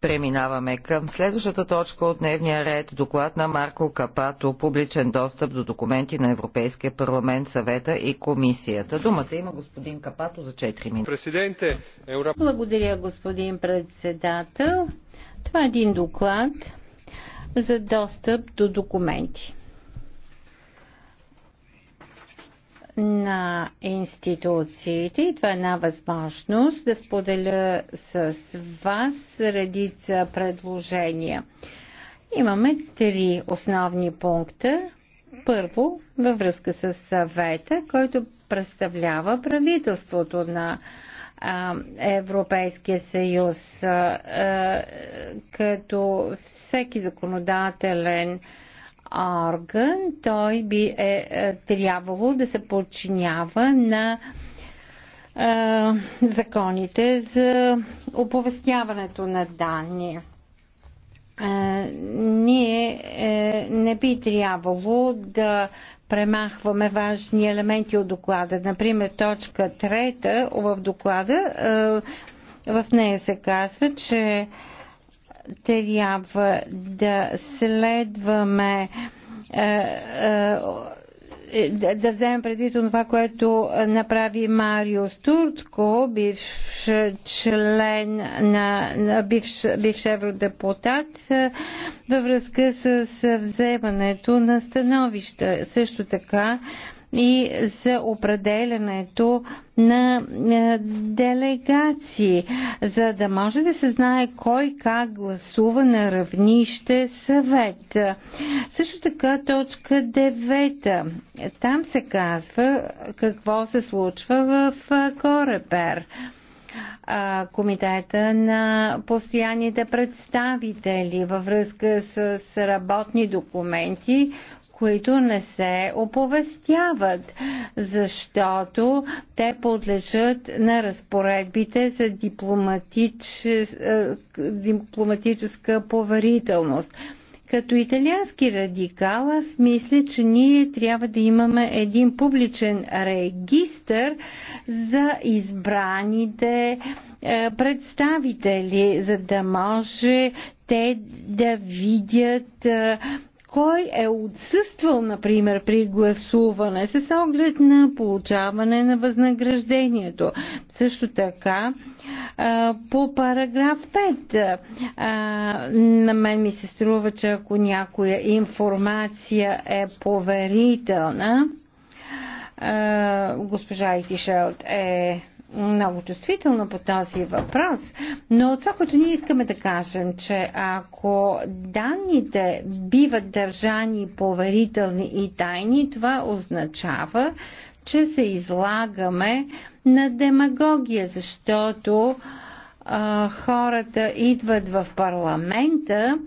Преминаваме към следващата точка от дневния ред. Доклад на Марко Капато. Публичен достъп до документи на Европейския парламент, съвета и комисията. Думата има господин Капато за 4 минути. Благодаря, господин председател. Това е един доклад за достъп до документи. на институциите и това е една възможност да споделя с вас редица предложения. Имаме три основни пункта. Първо, във връзка с съвета, който представлява правителството на Европейския съюз, като всеки законодателен орган, той би е, е трябвало да се подчинява на е, законите за оповестяването на данни. Е, ние е, не би трябвало да премахваме важни елементи от доклада. Например, точка трета в доклада, е, в нея се казва, че е, трябва да следваме да, е, е, е, да вземем предвид това, което направи Мариус Туртко, бивш член на, на бивш, бивш евродепутат, във връзка с вземането на становища. Също така и за определенето на е, делегации, за да може да се знае кой как гласува на равнище съвет. Също така точка 9. Там се казва какво се случва в е, Корепер комитета на постоянните представители във връзка с работни документи, които не се оповестяват, защото те подлежат на разпоредбите за дипломатич... Е, дипломатическа поверителност. Като италиански радикал, аз мисля, че ние трябва да имаме един публичен регистр за избраните е, представители, за да може те да видят е, кой е отсъствал, например, при гласуване с оглед на получаване на възнаграждението. Също така, по параграф 5, на мен ми се струва, че ако някоя информация е поверителна, госпожа Итишелт е много чувствителна по този въпрос, но това, което ние искаме да кажем, че ако данните биват държани поверителни и тайни, това означава, че се излагаме на демагогия, защото а, хората идват в парламента,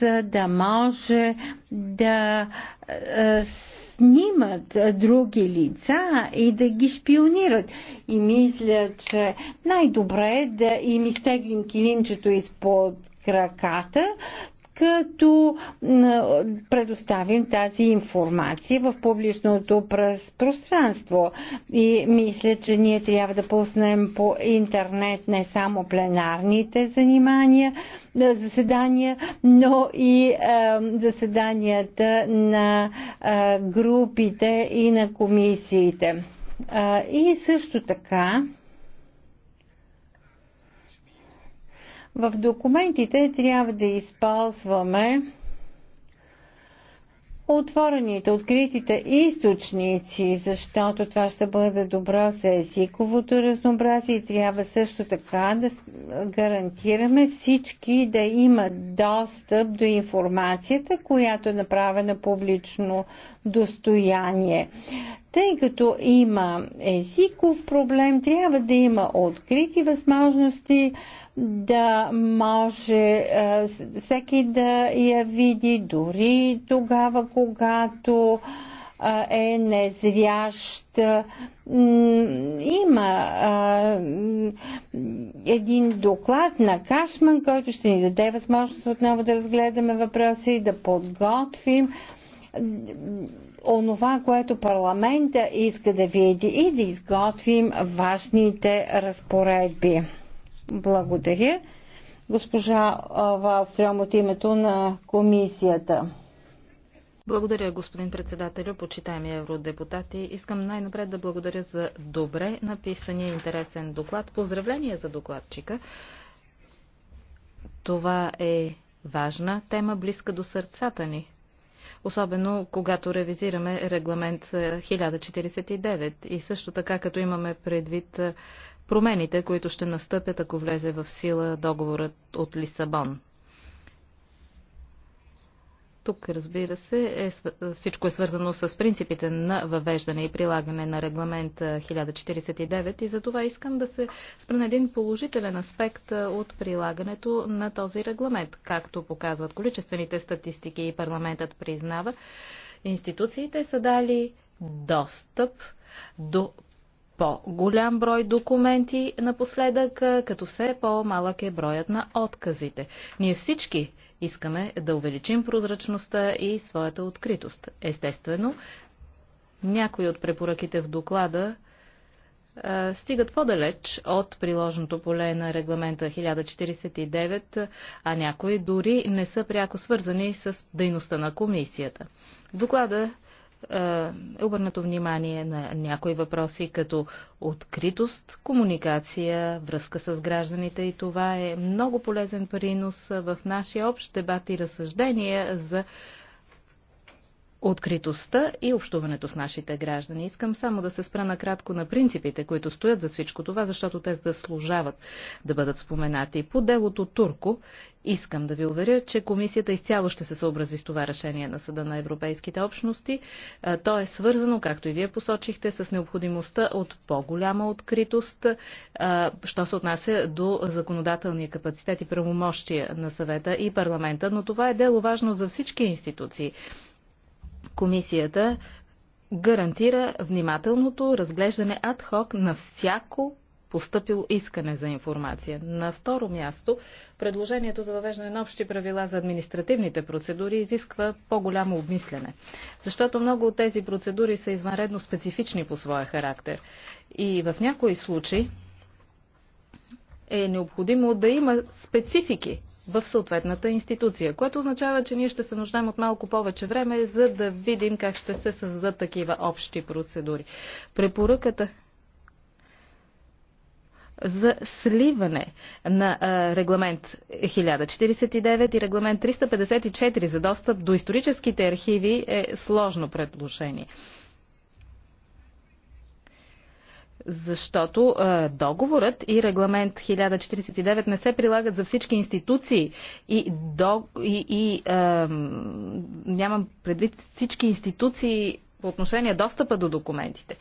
за да може да а, снимат други лица и да ги шпионират. И мисля, че най-добре е да им изтеглим килинчето изпод краката, като предоставим тази информация в публичното пространство. И мисля, че ние трябва да пуснем по интернет не само пленарните занимания, заседания, но и е, заседанията на е, групите и на комисиите. Е, и също така, В документите трябва да използваме отворените, откритите източници, защото това ще бъде добро за езиковото разнообразие и трябва също така да гарантираме всички да имат достъп до информацията, която е направена публично достояние. Тъй като има езиков проблем, трябва да има открити възможности да може е, всеки да я види, дори тогава, когато е, е незрящ. Има е, един доклад на Кашман, който ще ни даде възможност отново да разгледаме въпроса и да подготвим онова, което парламента иска да види и да изготвим важните разпоредби. Благодаря. Госпожа Валстрем от името на комисията. Благодаря, господин председателю, почитаеми евродепутати. Искам най-напред да благодаря за добре написания интересен доклад. Поздравление за докладчика. Това е важна тема, близка до сърцата ни. Особено когато ревизираме регламент 1049 и също така като имаме предвид промените, които ще настъпят, ако влезе в сила договорът от Лисабон. Тук, разбира се, е, всичко е свързано с принципите на въвеждане и прилагане на регламент 1049 и за това искам да се спра на един положителен аспект от прилагането на този регламент. Както показват количествените статистики и парламентът признава, институциите са дали достъп до по-голям брой документи напоследък, като все по-малък е броят на отказите. Ние всички искаме да увеличим прозрачността и своята откритост. Естествено, някои от препоръките в доклада стигат по-далеч от приложното поле на регламента 1049, а някои дори не са пряко свързани с дейността на комисията. В доклада е, е обърнато внимание на някои въпроси, като откритост, комуникация, връзка с гражданите и това е много полезен принос в нашия общ дебат и разсъждения за откритостта и общуването с нашите граждани. Искам само да се спра накратко на принципите, които стоят за всичко това, защото те заслужават да бъдат споменати. По делото Турко искам да ви уверя, че комисията изцяло ще се съобрази с това решение на Съда на Европейските общности. То е свързано, както и вие посочихте, с необходимостта от по-голяма откритост, що се отнася до законодателния капацитет и правомощия на съвета и парламента. Но това е дело важно за всички институции комисията гарантира внимателното разглеждане ад хок на всяко поступило искане за информация. На второ място, предложението за въвеждане на общи правила за административните процедури изисква по-голямо обмислене, защото много от тези процедури са извънредно специфични по своя характер. И в някои случаи е необходимо да има специфики в съответната институция, което означава, че ние ще се нуждаем от малко повече време, за да видим как ще се създадат такива общи процедури. Препоръката за сливане на регламент 1049 и регламент 354 за достъп до историческите архиви е сложно предложение защото е, договорът и регламент 1049 не се прилагат за всички институции и, до, и, и е, нямам предвид всички институции по отношение достъпа до документите.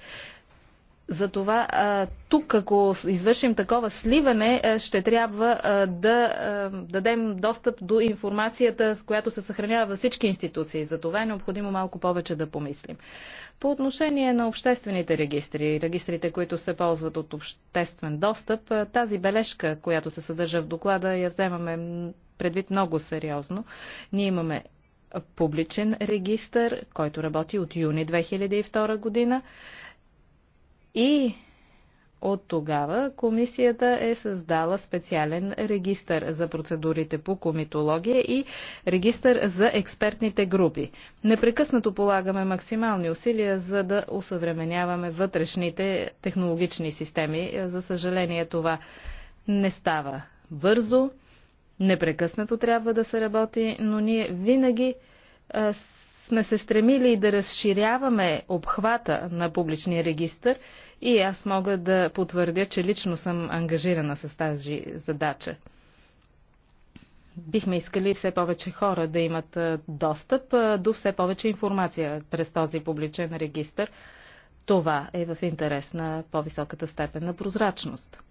Затова тук, ако извършим такова сливане, ще трябва да дадем достъп до информацията, с която се съхранява във всички институции. За това е необходимо малко повече да помислим. По отношение на обществените регистри, регистрите, които се ползват от обществен достъп, тази бележка, която се съдържа в доклада, я вземаме предвид много сериозно. Ние имаме публичен регистр, който работи от юни 2002 година. И от тогава комисията е създала специален регистър за процедурите по комитология и регистър за експертните групи. Непрекъснато полагаме максимални усилия, за да усъвременяваме вътрешните технологични системи. За съжаление това не става бързо. Непрекъснато трябва да се работи, но ние винаги сме се стремили да разширяваме обхвата на публичния регистр и аз мога да потвърдя, че лично съм ангажирана с тази задача. Бихме искали все повече хора да имат достъп до все повече информация през този публичен регистр. Това е в интерес на по-високата степен на прозрачност.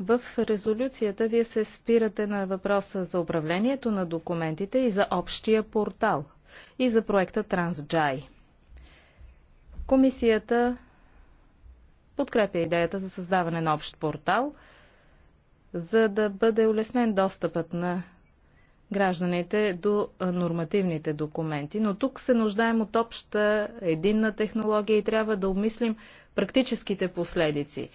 В резолюцията вие се спирате на въпроса за управлението на документите и за общия портал – и за проекта Трансджай. Комисията подкрепя идеята за създаване на общ портал, за да бъде улеснен достъпът на гражданите до нормативните документи. Но тук се нуждаем от обща единна технология и трябва да обмислим практическите последици,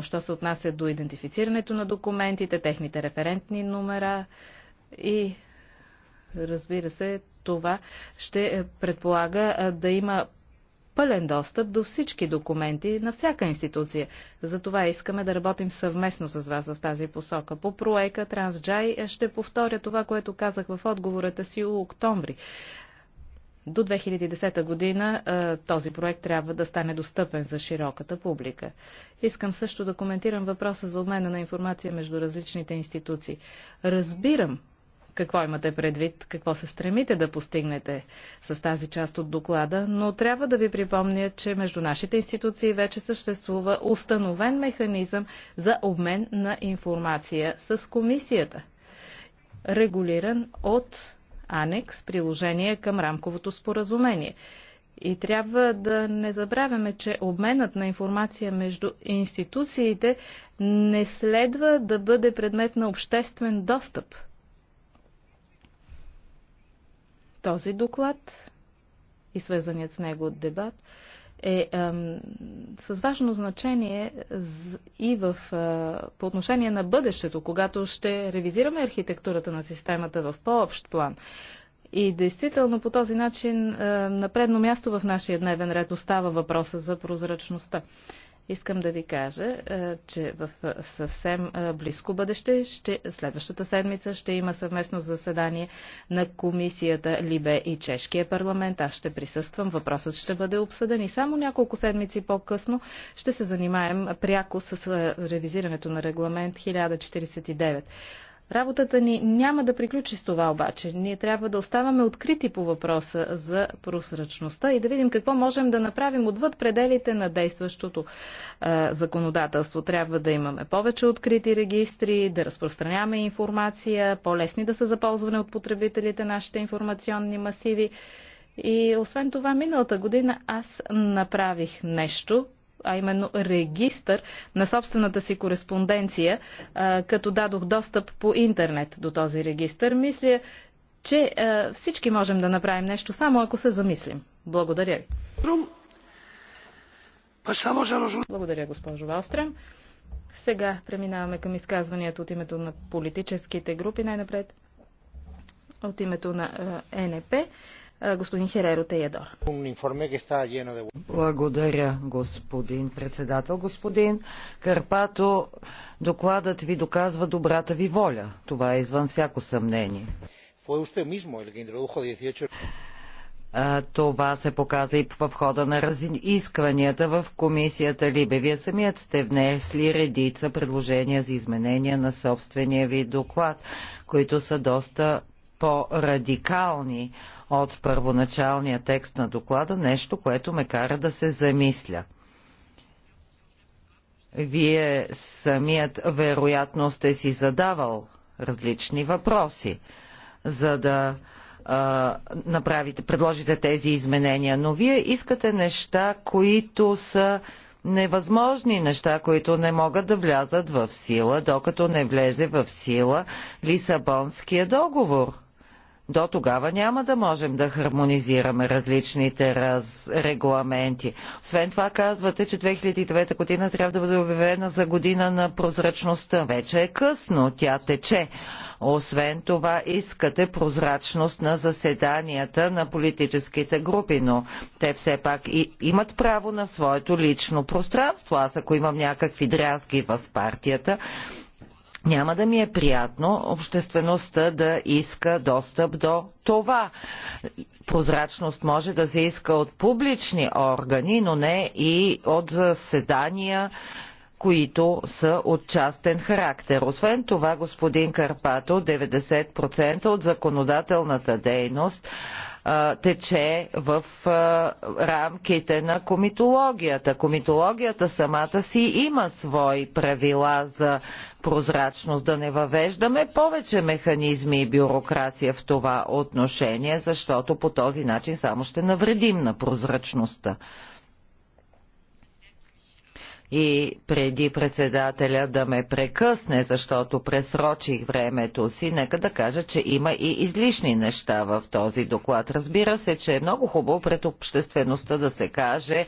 що се отнася до идентифицирането на документите, техните референтни номера и Разбира се, това ще е, предполага е, да има пълен достъп до всички документи на всяка институция. Затова искаме да работим съвместно с вас в тази посока. По проека Трансджай е, ще повторя това, което казах в отговората си у октомври. До 2010 година този проект трябва да стане достъпен за широката публика. Искам също да коментирам въпроса за обмена на информация между различните институции. Разбирам какво имате предвид, какво се стремите да постигнете с тази част от доклада, но трябва да ви припомня, че между нашите институции вече съществува установен механизъм за обмен на информация с комисията, регулиран от анекс, приложение към рамковото споразумение. И трябва да не забравяме, че обменът на информация между институциите не следва да бъде предмет на обществен достъп – Този доклад и свързаният с него дебат е ам, с важно значение и в, а, по отношение на бъдещето, когато ще ревизираме архитектурата на системата в по-общ план. И действително по този начин а, на предно място в нашия дневен ред остава въпроса за прозрачността. Искам да ви кажа, че в съвсем близко бъдеще, ще, следващата седмица, ще има съвместно заседание на комисията Либе и Чешкия парламент. Аз ще присъствам, въпросът ще бъде обсъден и само няколко седмици по-късно ще се занимаем пряко с ревизирането на регламент 1049. Работата ни няма да приключи с това обаче. Ние трябва да оставаме открити по въпроса за просрачността и да видим какво можем да направим отвъд пределите на действащото е, законодателство. Трябва да имаме повече открити регистри, да разпространяваме информация, по-лесни да са заползване от потребителите нашите информационни масиви. И освен това, миналата година аз направих нещо, а именно регистър на собствената си кореспонденция, като дадох достъп по интернет до този регистър. Мисля, че всички можем да направим нещо, само ако се замислим. Благодаря ви. Благодаря, госпожо Валстрем. Сега преминаваме към изказванията от името на политическите групи, най-напред от името на ЕНП господин Хереро Теядор. Благодаря, господин председател. Господин Карпато, докладът ви доказва добрата ви воля. Това е извън всяко съмнение. Това се показа и в хода на разискванията в комисията Либе. Вие самият сте внесли редица предложения за изменения на собствения ви доклад, които са доста по-радикални от първоначалния текст на доклада, нещо, което ме кара да се замисля. Вие самият вероятно сте си задавал различни въпроси, за да а, направите, предложите тези изменения, но вие искате неща, които са невъзможни неща, които не могат да влязат в сила, докато не влезе в сила Лисабонския договор. До тогава няма да можем да хармонизираме различните раз... регламенти. Освен това казвате, че 2009 година трябва да бъде обявена за година на прозрачността. Вече е късно, тя тече. Освен това искате прозрачност на заседанията на политическите групи, но те все пак и имат право на своето лично пространство. Аз ако имам някакви дрязги в партията, няма да ми е приятно обществеността да иска достъп до това. Прозрачност може да се иска от публични органи, но не и от заседания които са от частен характер. Освен това, господин Карпато, 90% от законодателната дейност тече в рамките на комитологията. Комитологията самата си има свои правила за прозрачност, да не въвеждаме повече механизми и бюрокрация в това отношение, защото по този начин само ще навредим на прозрачността и преди председателя да ме прекъсне, защото пресрочих времето си, нека да кажа, че има и излишни неща в този доклад. Разбира се, че е много хубаво пред обществеността да се каже,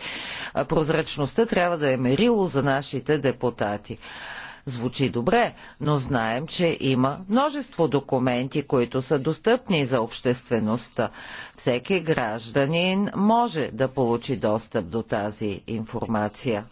прозрачността трябва да е мерило за нашите депутати. Звучи добре, но знаем, че има множество документи, които са достъпни за обществеността. Всеки гражданин може да получи достъп до тази информация.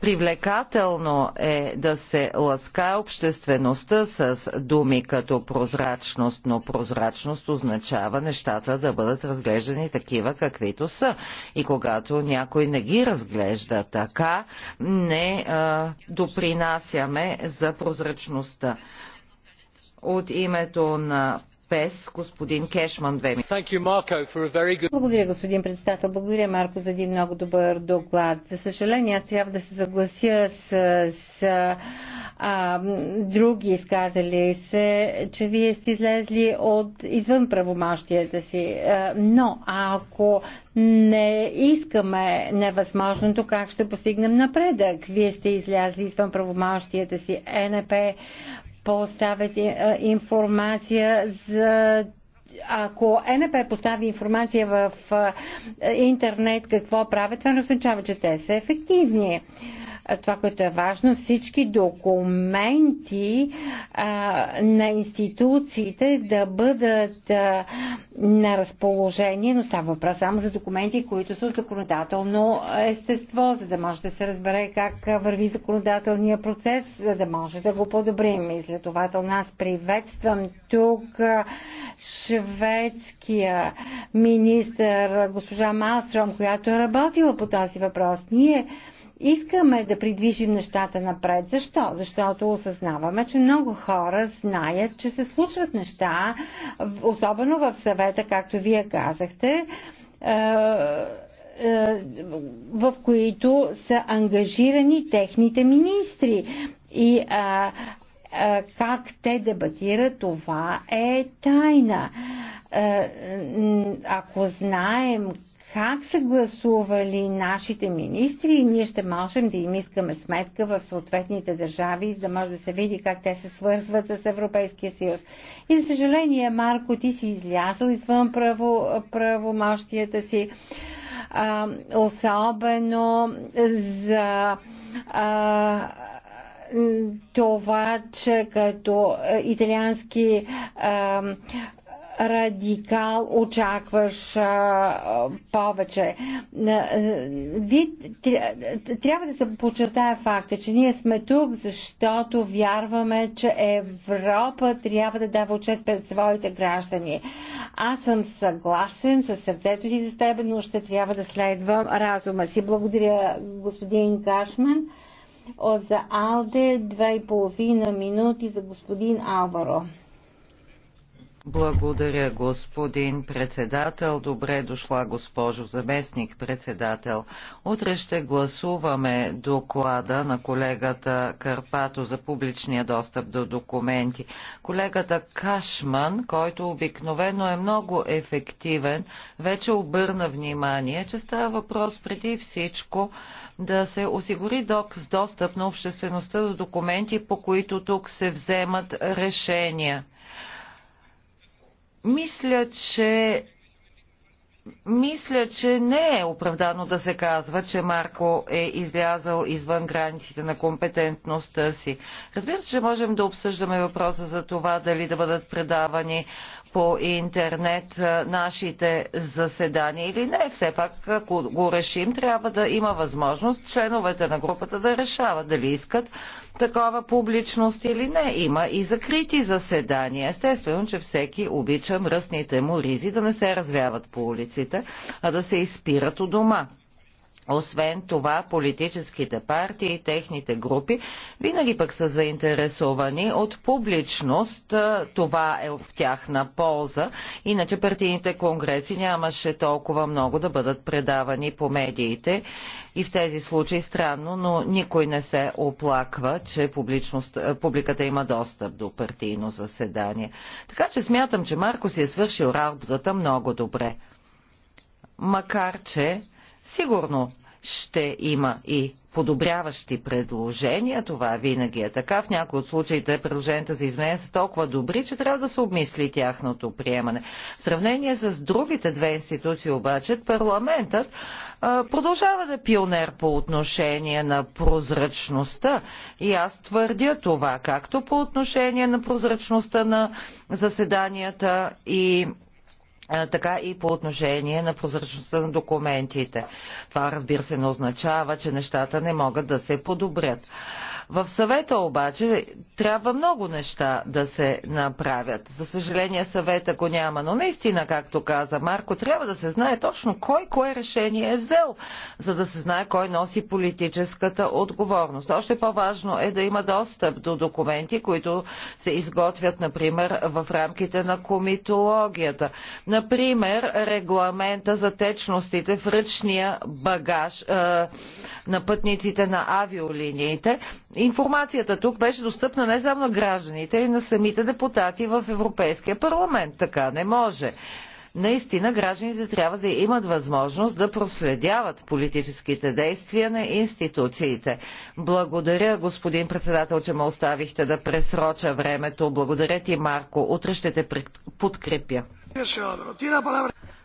Привлекателно е да се ласка обществеността с думи като прозрачност, но прозрачност означава нещата да бъдат разглеждани такива каквито са. И когато някой не ги разглежда така, не а, допринасяме за прозрачността. От името на ПЕС, господин Кешман, две минути. Благодаря, господин председател. Благодаря, Марко, за един много добър доклад. За съжаление, аз трябва да се съглася с, с а, други изказали се, че вие сте излезли от извън правомощията си. Но ако не искаме невъзможното, как ще постигнем напредък? Вие сте излязли извън правомащията си. Е, НП поставят е, информация за ако е НП постави информация в интернет какво правят, това не означава, че те са ефективни това, което е важно, всички документи а, на институциите да бъдат а, на разположение, но става въпрос само за документи, които са от законодателно естество, за да може да се разбере как върви законодателния процес, за да може да го подобрим. И следователно аз приветствам тук шведския министр госпожа Малстром, която е работила по този въпрос. Ние искаме да придвижим нещата напред. Защо? Защото осъзнаваме, че много хора знаят, че се случват неща, особено в съвета, както вие казахте, е, е, в които са ангажирани техните министри. И а, е, как те дебатират, това е тайна. Е, ако знаем как са гласували нашите министри, ние ще можем да им искаме сметка в съответните държави, за да може да се види как те се свързват с Европейския съюз. И за съжаление, Марко, ти си излязъл извън право, правомощията си, особено за а, това, че като е, италиански а, е, радикал очакваш а, е, повече. Ви, трябва да се подчертая факта, че ние сме тук, защото вярваме, че Европа трябва да дава отчет пред своите граждани. Аз съм съгласен с сърцето си за теб, но ще трябва да следвам разума си. Благодаря, господин Кашман. От за Алде 2,5 минути за господин Алваро. Благодаря, господин председател. Добре дошла, госпожо заместник председател. Утре ще гласуваме доклада на колегата Карпато за публичния достъп до документи. Колегата Кашман, който обикновено е много ефективен, вече обърна внимание, че става въпрос преди всичко да се осигури с достъп на обществеността до документи, по които тук се вземат решения мисля, че мисля, че не е оправдано да се казва, че Марко е излязал извън границите на компетентността си. Разбира се, че можем да обсъждаме въпроса за това дали да бъдат предавани по интернет нашите заседания или не. Все пак, ако го решим, трябва да има възможност членовете на групата да решават дали искат такова публичност или не. Има и закрити заседания. Естествено, че всеки обича мръсните му ризи да не се развяват по улиците, а да се изпират у дома. Освен това, политическите партии и техните групи винаги пък са заинтересовани от публичност. Това е в тяхна полза. Иначе партийните конгреси нямаше толкова много да бъдат предавани по медиите. И в тези случаи странно, но никой не се оплаква, че публиката има достъп до партийно заседание. Така че смятам, че Марко си е свършил работата много добре. Макар, че Сигурно ще има и подобряващи предложения. Това винаги е така. В някои от случаите предложенията за изменение са толкова добри, че трябва да се обмисли тяхното приемане. В сравнение с другите две институции обаче, парламентът а, продължава да е пионер по отношение на прозрачността. И аз твърдя това, както по отношение на прозрачността на заседанията и така и по отношение на прозрачността на документите. Това разбира се не означава, че нещата не могат да се подобрят. В съвета обаче трябва много неща да се направят. За съжаление съвета го няма, но наистина, както каза Марко, трябва да се знае точно кой кое решение е взел, за да се знае кой носи политическата отговорност. Още по-важно е да има достъп до документи, които се изготвят, например, в рамките на комитологията. Например, регламента за течностите в ръчния багаж е, на пътниците на авиолиниите информацията тук беше достъпна не само на гражданите, и на самите депутати в Европейския парламент. Така не може. Наистина гражданите трябва да имат възможност да проследяват политическите действия на институциите. Благодаря, господин председател, че ме оставихте да пресроча времето. Благодаря ти, Марко. Утре ще те подкрепя.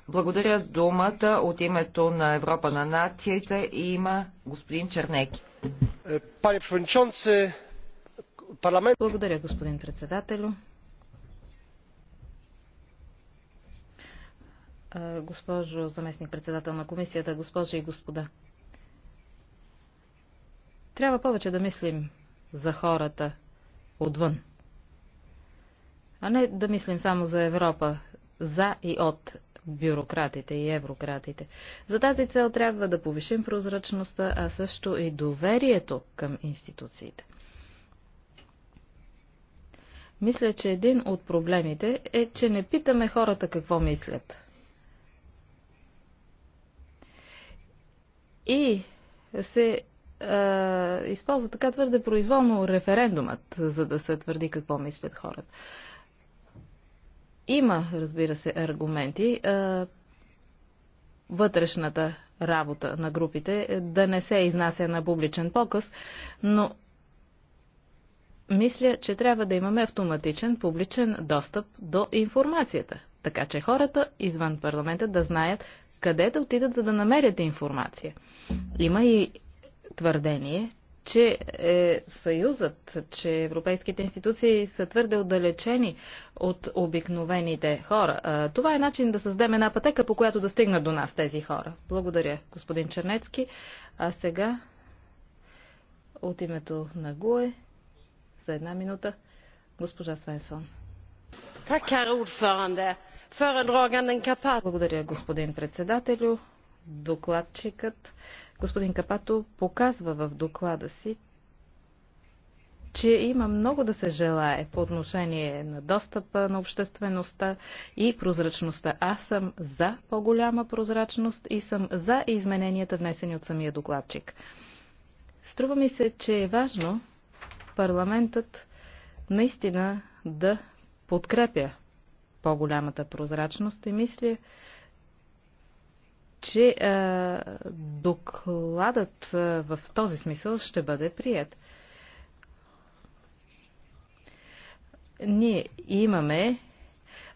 Благодаря думата от името на Европа на нациите и има господин Чернеки. Благодаря, господин председателю. Госпожо заместник председател на комисията, госпожи и господа. Трябва повече да мислим за хората отвън, а не да мислим само за Европа, за и от бюрократите и еврократите. За тази цел трябва да повишим прозрачността, а също и доверието към институциите. Мисля, че един от проблемите е, че не питаме хората какво мислят. И се е, използва така твърде произволно референдумът, за да се твърди какво мислят хората. Има, разбира се, аргументи вътрешната работа на групите е, да не се изнася на публичен показ, но мисля, че трябва да имаме автоматичен публичен достъп до информацията, така че хората извън парламента да знаят къде да отидат, за да намерят информация. Има и твърдение, че е, Съюзът, че европейските институции са твърде отдалечени от обикновените хора. А, това е начин да създадем една пътека, по която да стигнат до нас тези хора. Благодаря, господин Чернецки. А сега от името на ГУЕ за една минута госпожа Свенсон. Благодаря, господин председателю. Докладчикът Господин Капато показва в доклада си, че има много да се желае по отношение на достъпа на обществеността и прозрачността. Аз съм за по-голяма прозрачност и съм за измененията внесени от самия докладчик. Струва ми се, че е важно парламентът наистина да подкрепя по-голямата прозрачност и мисля, че а, е, докладът а, е, в този смисъл ще бъде прият. Ние имаме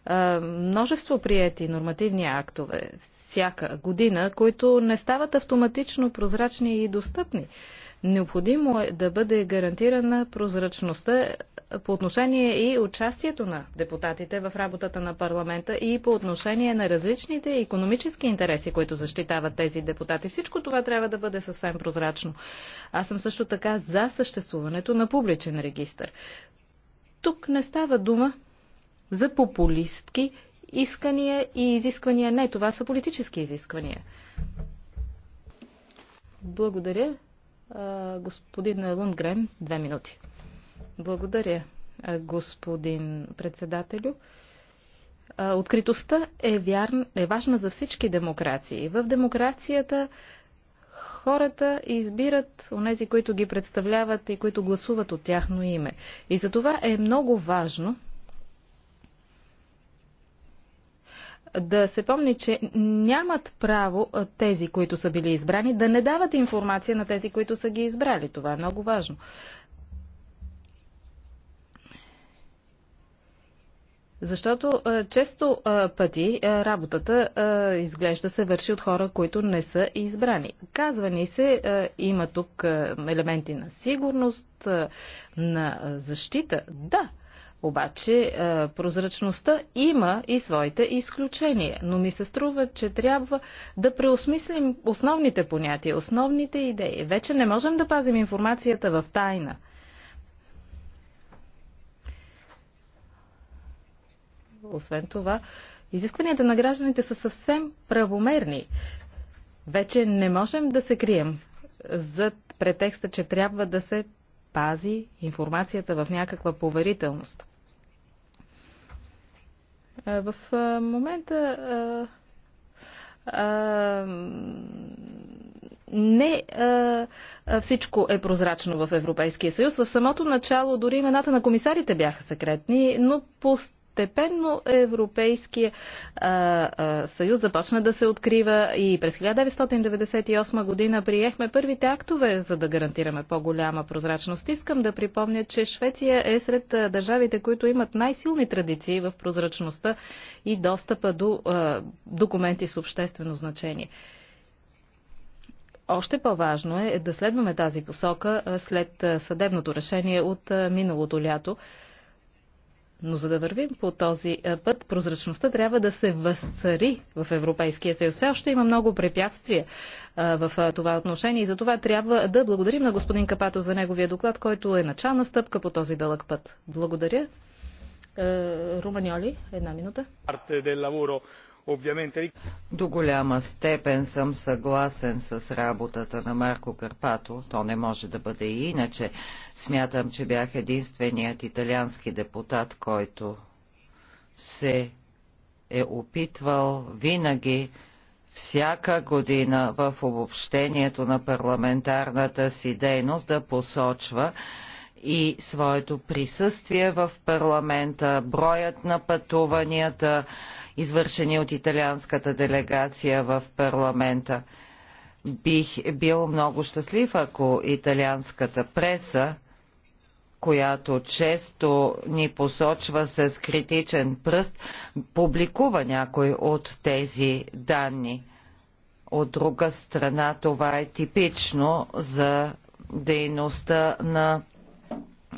а, е, множество прияти нормативни актове всяка година, които не стават автоматично прозрачни и достъпни. А, Необходимо е да бъде гарантирана прозрачността по отношение и участието на депутатите в работата на парламента и по отношение на различните економически интереси, които защитават тези депутати. Всичко това трябва да бъде съвсем прозрачно. Аз съм също така за съществуването на публичен регистр. Тук не става дума за популистки искания и изисквания. Не, това са политически изисквания. Благодаря. Господин Лунгрен, две минути. Благодаря, господин председателю. Откритостта е, вярна е важна за всички демокрации. В демокрацията хората избират онези, които ги представляват и които гласуват от тяхно име. И за това е много важно да се помни, че нямат право тези, които са били избрани, да не дават информация на тези, които са ги избрали. Това е много важно. Защото често пъти работата изглежда се върши от хора, които не са избрани. Казва ни се, има тук елементи на сигурност, на защита. Да, обаче е, прозрачността има и своите изключения, но ми се струва, че трябва да преосмислим основните понятия, основните идеи. Вече не можем да пазим информацията в тайна. Освен това, изискванията на гражданите са съвсем правомерни. Вече не можем да се крием зад претекста, че трябва да се пази информацията в някаква поверителност. В момента не всичко е прозрачно в Европейския съюз. В самото начало дори имената на комисарите бяха секретни, но пост постепенно Европейския а, а, съюз започна да се открива и през 1998 година приехме първите актове, за да гарантираме по-голяма прозрачност. Искам да припомня, че Швеция е сред държавите, които имат най-силни традиции в прозрачността и достъпа до а, документи с обществено значение. Още по-важно е да следваме тази посока след съдебното решение от миналото лято. Но за да вървим по този е, път, прозрачността трябва да се възцари в Европейския съюз. Все още има много препятствия е, в е, това отношение и за това трябва да благодарим на господин Капато за неговия доклад, който е начална стъпка по този дълъг път. Благодаря. Руманиоли, една минута. До голяма степен съм съгласен с работата на Марко Карпато. То не може да бъде и иначе. Смятам, че бях единственият италиански депутат, който се е опитвал винаги всяка година в обобщението на парламентарната си дейност да посочва и своето присъствие в парламента, броят на пътуванията извършени от италианската делегация в парламента. Бих бил много щастлив, ако италианската преса, която често ни посочва с критичен пръст, публикува някой от тези данни. От друга страна, това е типично за дейността на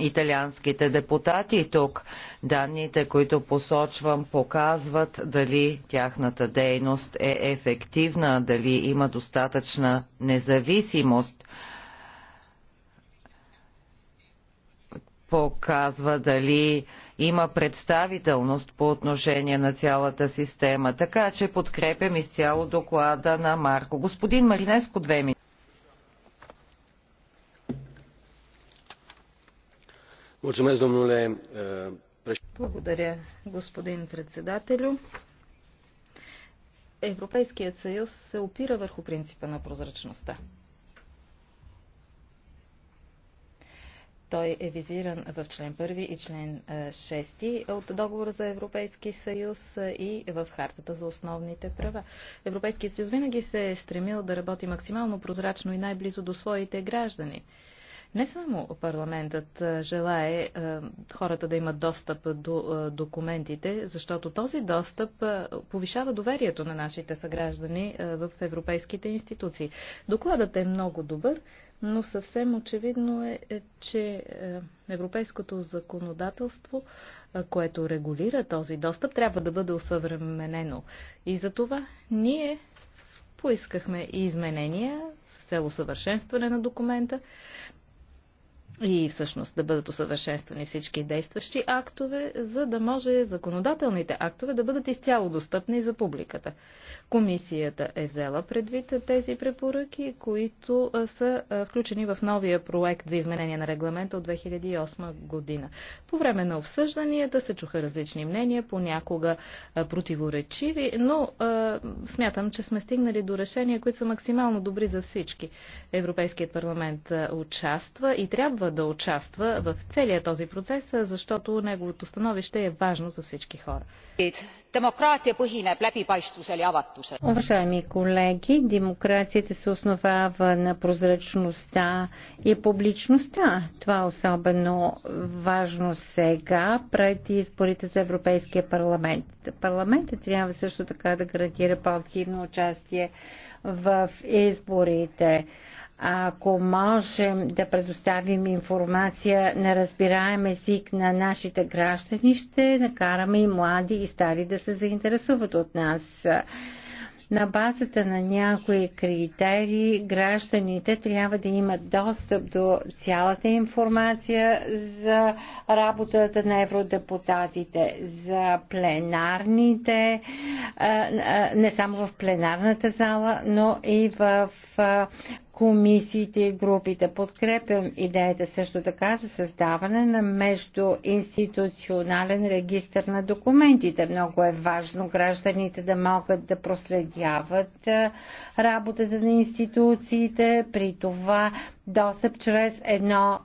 италианските депутати тук. Данните, които посочвам, показват дали тяхната дейност е ефективна, дали има достатъчна независимост. Показва дали има представителност по отношение на цялата система. Така че подкрепям изцяло доклада на Марко. Господин Маринеско, две минути. Eh, Благодаря, господин председателю. Европейският съюз се опира върху принципа на прозрачността. Той е визиран в член 1 и член 6 е, от договора за Европейски съюз е, и в хартата за основните права. Европейският съюз винаги се е стремил да работи максимално прозрачно и най-близо до своите граждани. Не само парламентът желае хората да имат достъп до документите, защото този достъп повишава доверието на нашите съграждани в европейските институции. Докладът е много добър, но съвсем очевидно е, е че европейското законодателство, което регулира този достъп, трябва да бъде усъвременено. И за това ние поискахме и изменения с цел усъвършенстване на документа и всъщност да бъдат усъвършенствани всички действащи актове, за да може законодателните актове да бъдат изцяло достъпни за публиката. Комисията е взела предвид тези препоръки, които са включени в новия проект за изменение на регламента от 2008 година. По време на обсъжданията се чуха различни мнения, понякога противоречиви, но смятам, че сме стигнали до решения, които са максимално добри за всички. Европейският парламент участва и трябва да участва в целия този процес, защото неговото становище е важно за всички хора. Уважаеми колеги, демокрацията се основава на прозрачността и публичността. Това е особено важно сега пред изборите за Европейския парламент. Парламентът трябва също така да гарантира по-активно участие в изборите ако можем да предоставим информация на разбираем език на нашите граждани, ще накараме и млади и стари да се заинтересуват от нас. На базата на някои критерии гражданите трябва да имат достъп до цялата информация за работата на евродепутатите, за пленарните, не само в пленарната зала, но и в комисиите и групите. Подкрепям идеята също така за създаване на междуинституционален регистр на документите. Много е важно гражданите да могат да проследяват работата на институциите, при това достъп чрез едно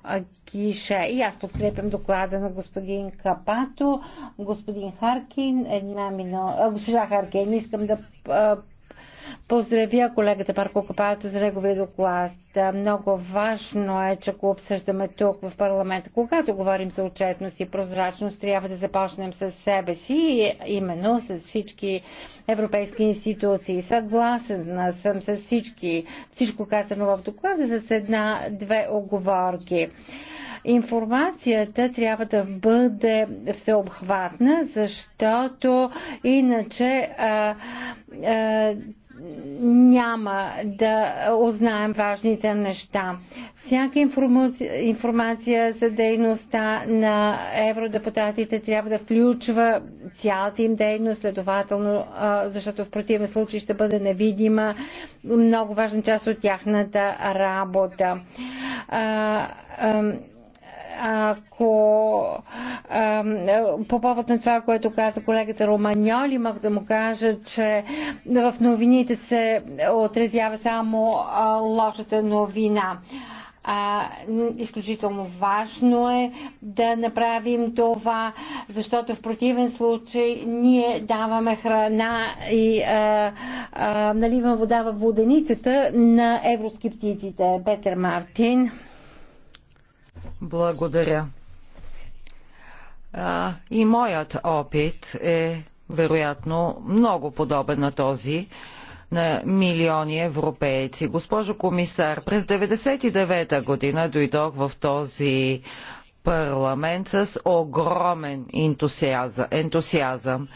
кише. И аз подкрепям доклада на господин Капато, господин Харкин, една мину... госпожа Харкин, искам да поздравя колегата Парко Капалто за неговия доклад. Много важно е, че го обсъждаме тук в парламента. Когато говорим за отчетност и прозрачност, трябва да започнем с себе си, именно с всички европейски институции. Съгласен съм с всички, всичко казано в доклада, с една-две оговорки. Информацията трябва да бъде всеобхватна, защото иначе а, а, няма да узнаем важните неща. Всяка информация, информация за дейността на евродепутатите трябва да включва цялата им дейност, следователно, защото в противен случай ще бъде невидима много важна част от тяхната работа ако а, по повод на това, което каза колегата Романьоли, мога да му кажа, че в новините се отразява само а, лошата новина. А, изключително важно е да направим това, защото в противен случай ние даваме храна и а, а, наливаме вода в воденицата на евроскептиците. Петър Мартин. Благодаря. А, и моят опит е вероятно много подобен на този на милиони европейци. Госпожо комисар, през 99-та година дойдох в този парламент с огромен ентусиазъм. ентусиазъм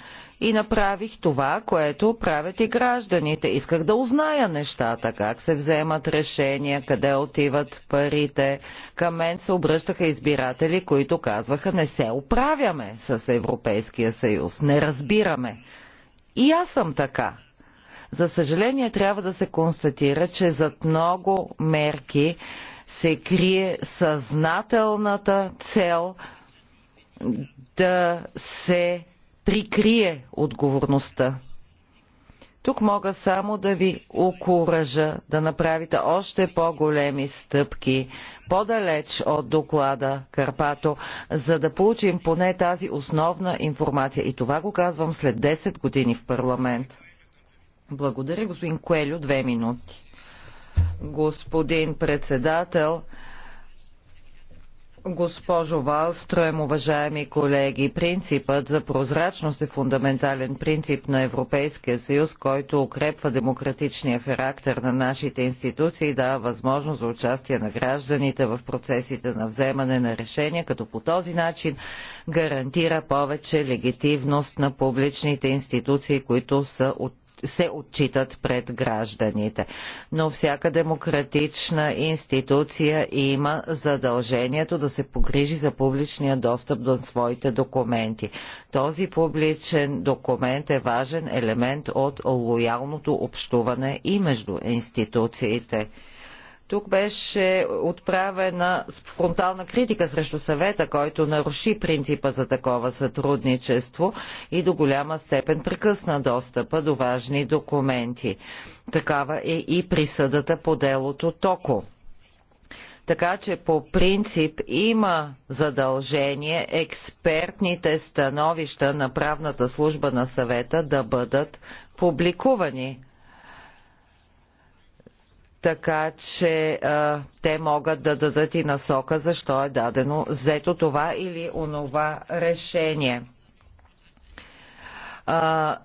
и направих това, което правят и гражданите. Исках да узная нещата, как се вземат решения, къде отиват парите. Към мен се обръщаха избиратели, които казваха не се оправяме с Европейския съюз, не разбираме. И аз съм така. За съжаление трябва да се констатира, че зад много мерки се крие съзнателната цел да се прикрие отговорността. Тук мога само да ви окоръжа да направите още по-големи стъпки, по-далеч от доклада Карпато, за да получим поне тази основна информация. И това го казвам след 10 години в парламент. Благодаря, господин Коелю. Две минути. Господин председател, Госпожо Валстроем, уважаеми колеги, принципът за прозрачност е фундаментален принцип на Европейския съюз, който укрепва демократичния характер на нашите институции и дава възможност за участие на гражданите в процесите на вземане на решения, като по този начин гарантира повече легитимност на публичните институции, които са от се отчитат пред гражданите. Но всяка демократична институция има задължението да се погрижи за публичния достъп до своите документи. Този публичен документ е важен елемент от лоялното общуване и между институциите. Тук беше отправена фронтална критика срещу съвета, който наруши принципа за такова сътрудничество и до голяма степен прекъсна достъпа до важни документи. Такава е и присъдата по делото Токо. Така че по принцип има задължение експертните становища на правната служба на съвета да бъдат публикувани така че а, те могат да дадат и насока защо е дадено взето това или онова решение. А,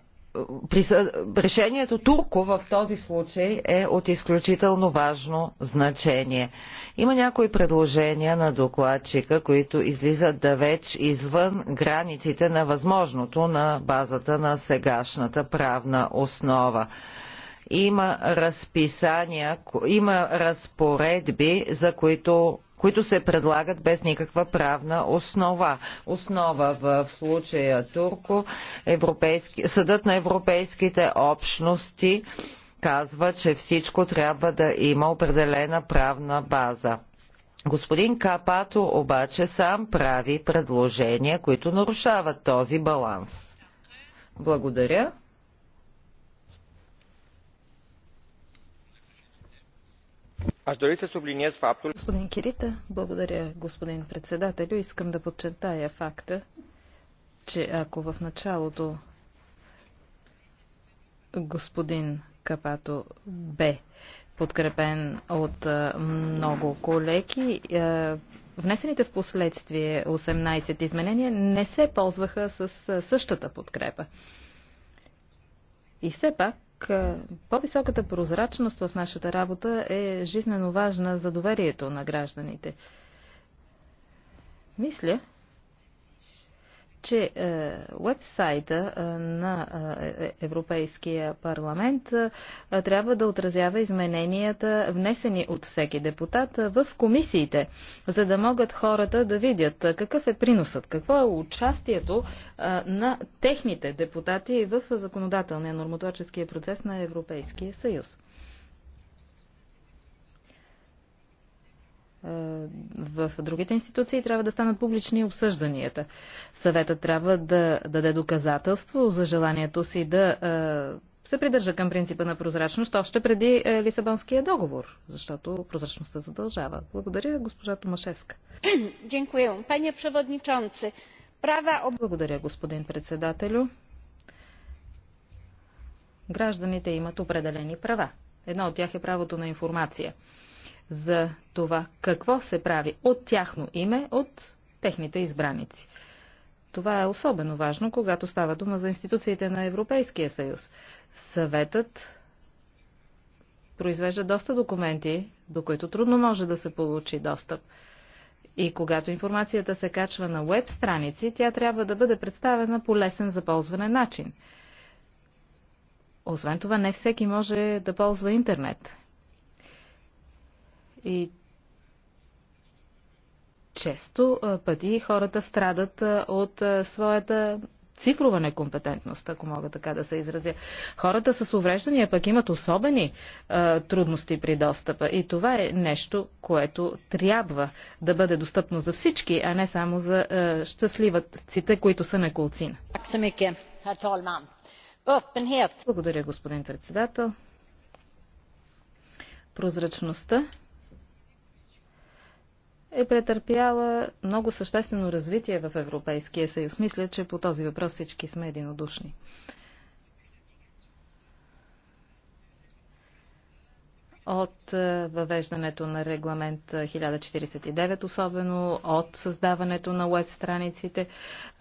решението Турко в този случай е от изключително важно значение. Има някои предложения на докладчика, които излизат да веч извън границите на възможното на базата на сегашната правна основа има разписания, има разпоредби, за които които се предлагат без никаква правна основа. Основа в случая Турко, Европейски, Съдът на европейските общности казва, че всичко трябва да има определена правна база. Господин Капато обаче сам прави предложения, които нарушават този баланс. Благодаря. Aș dori să subliniez faptul... Господин Кирита, благодаря, господин председателю. Искам да подчертая факта, че ако в началото господин Капато бе подкрепен от много колеги, внесените в последствие 18 изменения не се ползваха с същата подкрепа. И все пак е, по-високата прозрачност в нашата работа е жизнено важна за доверието на гражданите. Мисля, че вебсайта е, е, на е, Европейския парламент трябва да отразява измененията, внесени от всеки депутат в комисиите, за да могат хората да видят какъв е приносът, какво е участието на техните депутати в законодателния нормотворческия процес на Европейския съюз. в другите институции трябва да станат публични обсъжданията. Съветът трябва да даде доказателство за желанието си да се придържа към принципа на прозрачност още преди Лисабонския договор, защото прозрачността задължава. Благодаря, госпожа Томашевска. Благодаря, господин председателю. Гражданите имат определени права. Едно от тях е правото на информация – за това какво се прави от тяхно име, от техните избраници. Това е особено важно, когато става дума за институциите на Европейския съюз. Съветът произвежда доста документи, до които трудно може да се получи достъп. И когато информацията се качва на веб страници, тя трябва да бъде представена по лесен за ползване начин. Освен това, не всеки може да ползва интернет. И често пъти хората страдат от своята цифрова некомпетентност, ако мога така да се изразя. Хората с увреждания пък имат особени а, трудности при достъпа и това е нещо, което трябва да бъде достъпно за всички, а не само за а, щастливъците, които са на колцина. Благодаря, господин председател. Прозрачността е претърпяла много съществено развитие в Европейския съюз. Мисля, че по този въпрос всички сме единодушни. от е, въвеждането на регламент 1049, е, особено от създаването на веб страниците.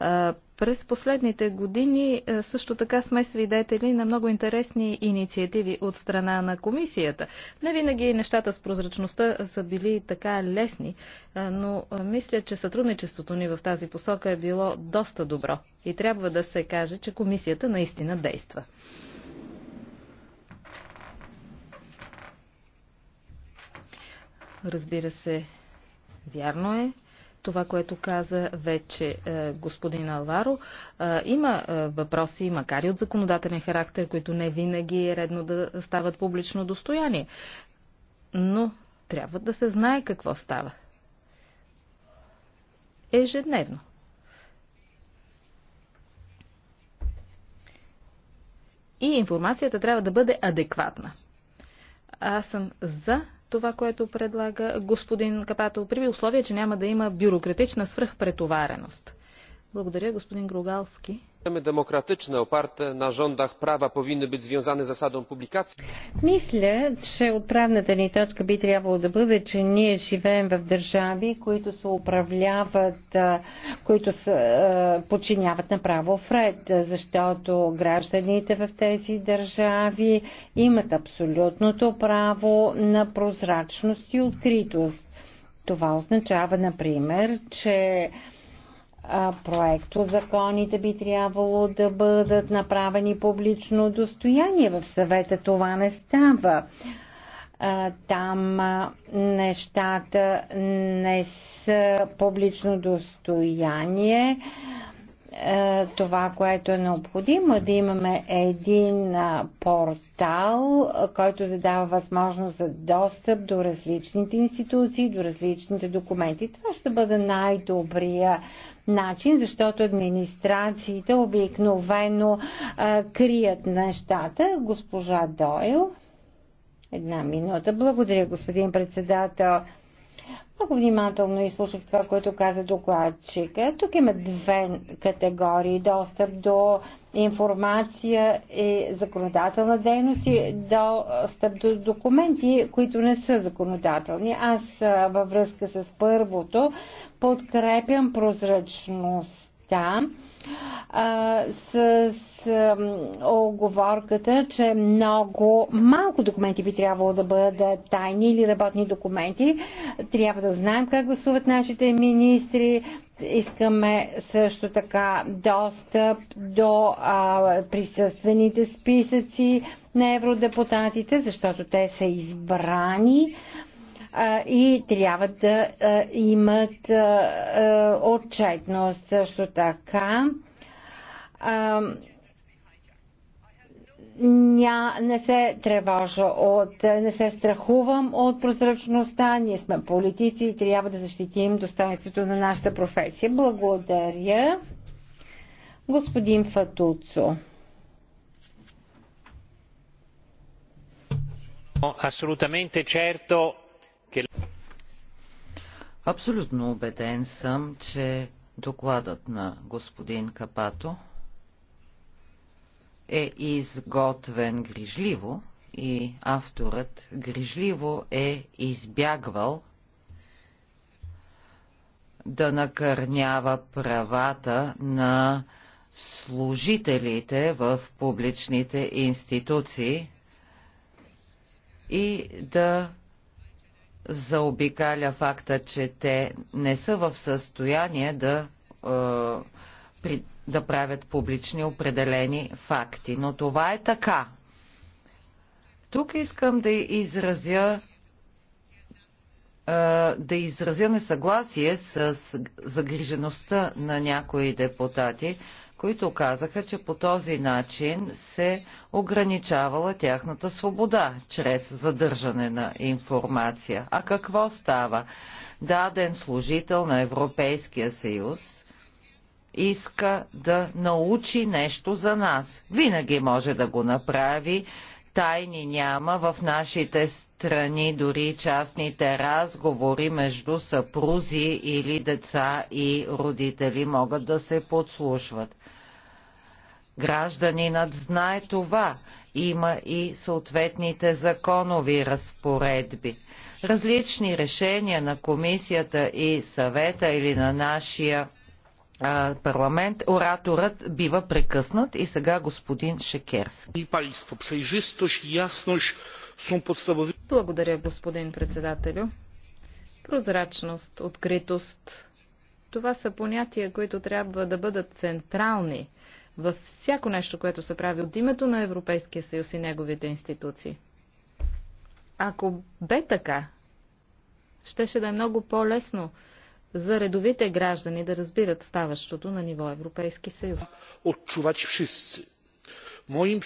Е, през последните години също така сме свидетели на много интересни инициативи от страна на комисията. Не винаги нещата с прозрачността са били така лесни, но мисля, че сътрудничеството ни в тази посока е било доста добро и трябва да се каже, че комисията наистина действа. Разбира се, вярно е, това, което каза вече е, господин Алваро. Е, има е, въпроси, макар и от законодателен характер, които не винаги е редно да стават публично достояние. Но трябва да се знае какво става. Ежедневно. И информацията трябва да бъде адекватна. Аз съм за това, което предлага господин Капато, при условие, че няма да има бюрократична свръхпретовареност. Благодаря, господин Гругалски. Демократична опарта на жондах права, повинна бит звязани с засадом публикации. Мисля, че отправната ни точка би трябвало да бъде, че ние живеем в държави, които се управляват, които се подчиняват на право вред, защото гражданите в тези държави имат абсолютното право на прозрачност и откритост. Това означава, например, че Проектозаконите би трябвало да бъдат направени публично достояние. В съвета това не става. Там нещата не са публично достояние. Е, това, което е необходимо, да имаме един портал, който да дава възможност за достъп до различните институции, до различните документи. Това ще бъде най-добрия начин, защото администрациите обикновено е, крият нещата. Госпожа Дойл. Една минута. Благодаря, господин председател. Много внимателно изслушах това, което каза докладчика. Тук има две категории достъп до информация и законодателна дейност и достъп до документи, които не са законодателни. Аз във връзка с първото подкрепям прозрачността а, с оговорката, че много малко документи би трябвало да бъдат тайни или работни документи. Трябва да знаем как гласуват нашите министри. Искаме също така достъп до а, присъствените списъци на евродепутатите, защото те са избрани и трябва да имат отчетност също така ня, не се тревожа от, не се страхувам от прозрачността. Ние сме политици и трябва да защитим достоинството на нашата професия. Благодаря. Господин Фатуцо. Абсолютно certo Абсолютно убеден съм, че докладът на господин Капато е изготвен грижливо и авторът грижливо е избягвал да накърнява правата на служителите в публичните институции и да заобикаля факта, че те не са в състояние да е, да правят публични определени факти. Но това е така. Тук искам да изразя да изразя несъгласие с загрижеността на някои депутати, които казаха, че по този начин се ограничавала тяхната свобода чрез задържане на информация. А какво става? Даден служител на Европейския съюз иска да научи нещо за нас. Винаги може да го направи. Тайни няма в нашите страни, дори частните разговори между съпрузи или деца и родители могат да се подслушват. Гражданинът знае това. Има и съответните законови разпоредби. Различни решения на комисията и съвета или на нашия парламент, ораторът бива прекъснат и сега господин Шекерски. Благодаря, господин председателю. Прозрачност, откритост, това са понятия, които трябва да бъдат централни във всяко нещо, което се прави от името на Европейския съюз и неговите институции. Ако бе така, щеше да е много по-лесно за редовите граждани да разбират ставащото на ниво Европейски съюз. Отчувач всички. Моим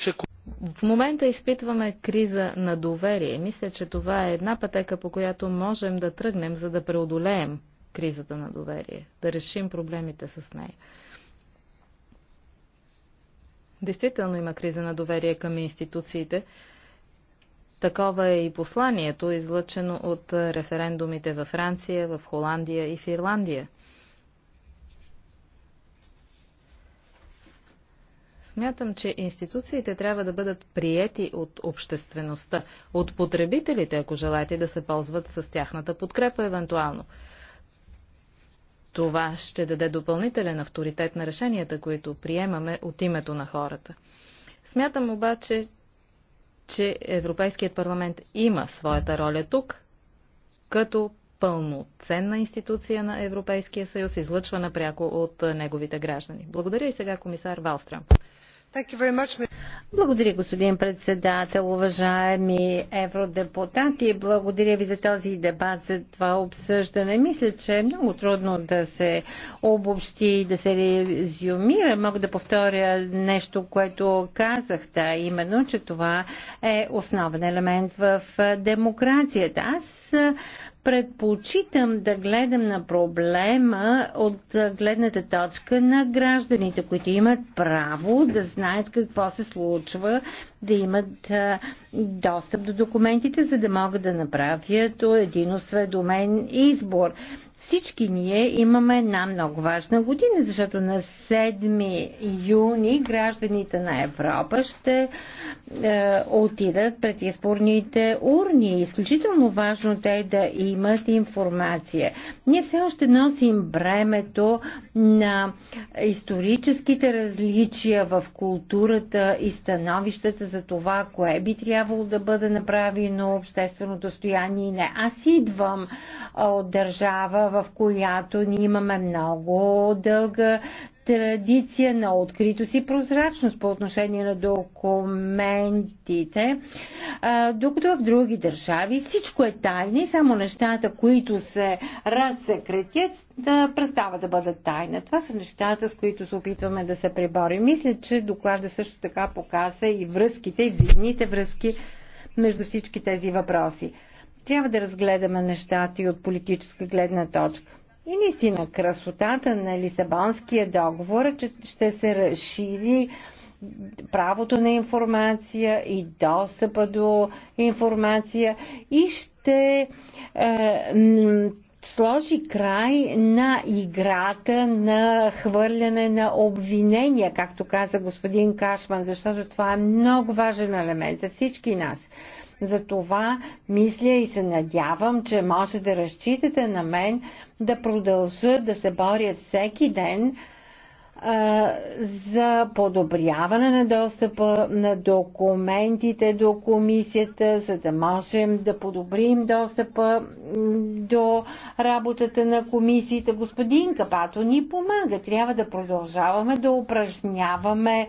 в момента изпитваме криза на доверие. Мисля, че това е една пътека, по която можем да тръгнем, за да преодолеем кризата на доверие, да решим проблемите с нея. Действително има криза на доверие към институциите, Такова е и посланието, излъчено от референдумите във Франция, в Холандия и в Ирландия. Смятам, че институциите трябва да бъдат приети от обществеността, от потребителите, ако желаете да се ползват с тяхната подкрепа евентуално. Това ще даде допълнителен авторитет на решенията, които приемаме от името на хората. Смятам обаче, че Европейският парламент има своята роля тук, като пълноценна институция на Европейския съюз, излъчвана пряко от неговите граждани. Благодаря и сега комисар Валстрам. Благодаря, господин председател, уважаеми евродепутати. Благодаря ви за този дебат, за това обсъждане. Мисля, че е много трудно да се обобщи и да се резюмира. Мога да повторя нещо, което казахте, да, именно, че това е основен елемент в демокрацията. Аз предпочитам да гледам на проблема от гледната точка на гражданите, които имат право да знаят какво се случва да имат достъп до документите, за да могат да направят един осведомен избор. Всички ние имаме една много важна година, защото на 7 юни гражданите на Европа ще е, отидат пред изборните урни. Е изключително важно те да имат информация. Ние все още носим бремето на историческите различия в културата и становищата за това, кое би трябвало да бъде направено обществено достояние и не. Аз идвам от държава, в която ние имаме много дълга традиция на откритост и прозрачност по отношение на документите, докато в други държави всичко е тайна и само нещата, които се разсекретят, да престават да бъдат тайна. Това са нещата, с които се опитваме да се преборим. Мисля, че доклада също така показа и връзките, и взаимните връзки между всички тези въпроси. Трябва да разгледаме нещата и от политическа гледна точка. И наистина красотата на Лисабонския договор е, че ще се разшири правото на информация и достъпа до информация и ще е, сложи край на играта на хвърляне на обвинения, както каза господин Кашман, защото това е много важен елемент за всички нас. Затова мисля и се надявам, че може да разчитате на мен да продължа да се боря всеки ден за подобряване на достъпа на документите до комисията, за да можем да подобрим достъпа до работата на комисията. Господин Капато ни помага. Трябва да продължаваме да упражняваме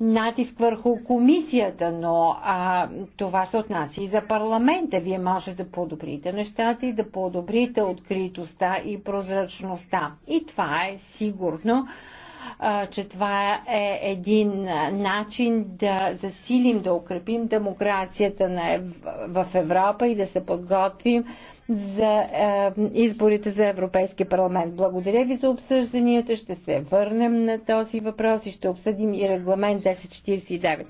натиск върху комисията, но а, това се отнася и за парламента. Вие може да подобрите нещата и да подобрите откритостта и прозрачността. И това е сигурно че това е един начин да засилим, да укрепим демокрацията на, в Европа и да се подготвим за изборите за Европейски парламент. Благодаря ви за обсъжданията. Ще се върнем на този въпрос и ще обсъдим и регламент 1049.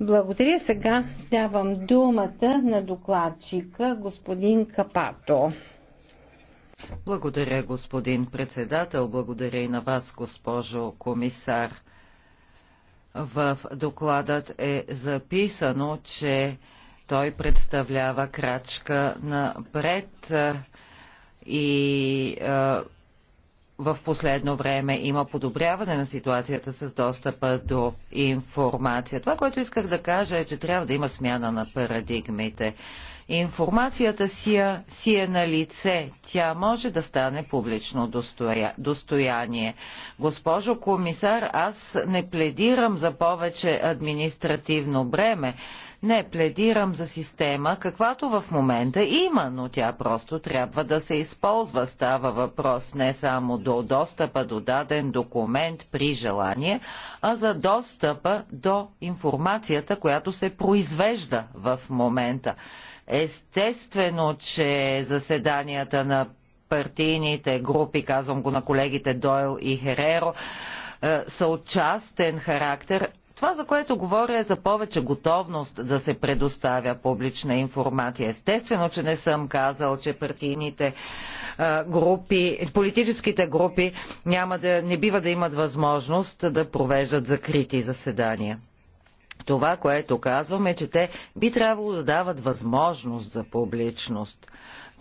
Благодаря. Сега давам думата на докладчика господин Капато. Благодаря, господин председател. Благодаря и на вас, госпожо комисар. В докладът е записано, че той представлява крачка напред и в последно време има подобряване на ситуацията с достъпа до информация. Това, което исках да кажа е, че трябва да има смяна на парадигмите. Информацията си, е, си е на лице. Тя може да стане публично достоя, достояние. Госпожо комисар, аз не пледирам за повече административно бреме не, пледирам за система, каквато в момента има, но тя просто трябва да се използва. Става въпрос не само до достъпа до даден документ при желание, а за достъпа до информацията, която се произвежда в момента. Естествено, че заседанията на партийните групи, казвам го на колегите Дойл и Хереро, е, са от частен характер, това, за което говоря, е за повече готовност да се предоставя публична информация. Естествено, че не съм казал, че партийните групи, политическите групи няма да, не бива да имат възможност да провеждат закрити заседания. Това, което казваме, е, че те би трябвало да дават възможност за публичност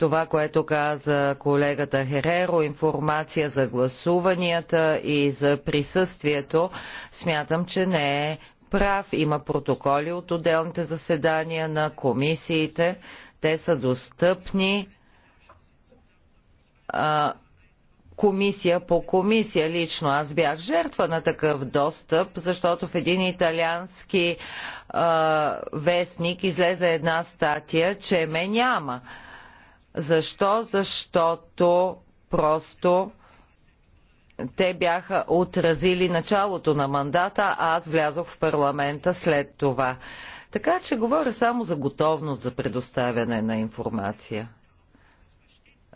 това, което каза колегата Хереро, информация за гласуванията и за присъствието, смятам, че не е прав. Има протоколи от отделните заседания на комисиите. Те са достъпни комисия по комисия. Лично аз бях жертва на такъв достъп, защото в един италиански а, вестник излезе една статия, че ме няма. Защо? Защото просто те бяха отразили началото на мандата, а аз влязох в парламента след това. Така че говоря само за готовност за предоставяне на информация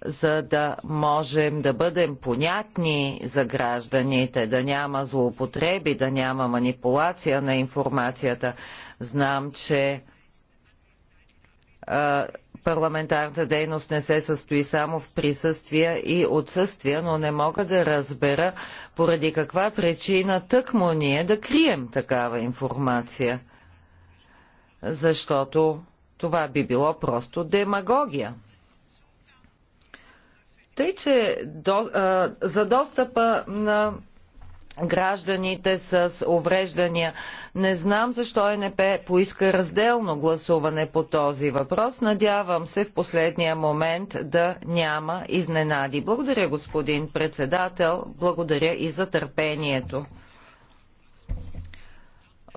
за да можем да бъдем понятни за гражданите, да няма злоупотреби, да няма манипулация на информацията. Знам, че парламентарната дейност не се състои само в присъствия и отсъствия, но не мога да разбера поради каква причина тъкмо ние да крием такава информация. Защото това би било просто демагогия. Тъй, че до, а, за достъпа на гражданите с увреждания. Не знам защо НП поиска разделно гласуване по този въпрос. Надявам се в последния момент да няма изненади. Благодаря, господин председател. Благодаря и за търпението.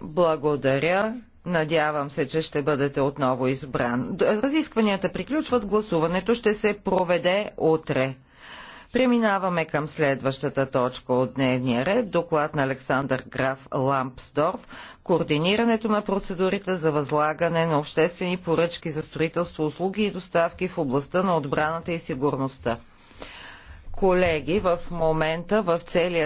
Благодаря. Надявам се, че ще бъдете отново избран. Разискванията приключват. Гласуването ще се проведе утре. Преминаваме към следващата точка от дневния ред. Доклад на Александър Граф Лампсдорф. Координирането на процедурите за възлагане на обществени поръчки за строителство, услуги и доставки в областта на отбраната и сигурността. Колеги, в момента в целия